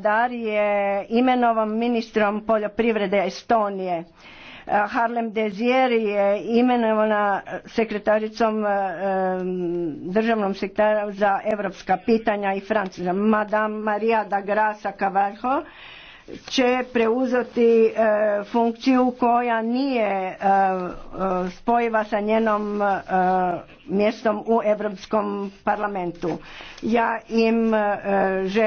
dar je imenovan ministrom poljoprivrede Estonije. E, Harlem Dezier je imenovana sekretaricom, e, e, državnom sekretarom za evropska pitanja i Francuza. Madame Maria da Grasa Cavalho će preuzeti funkciju koja nije spojiva sa njenom mjestom u Europskom parlamentu. Ja im želim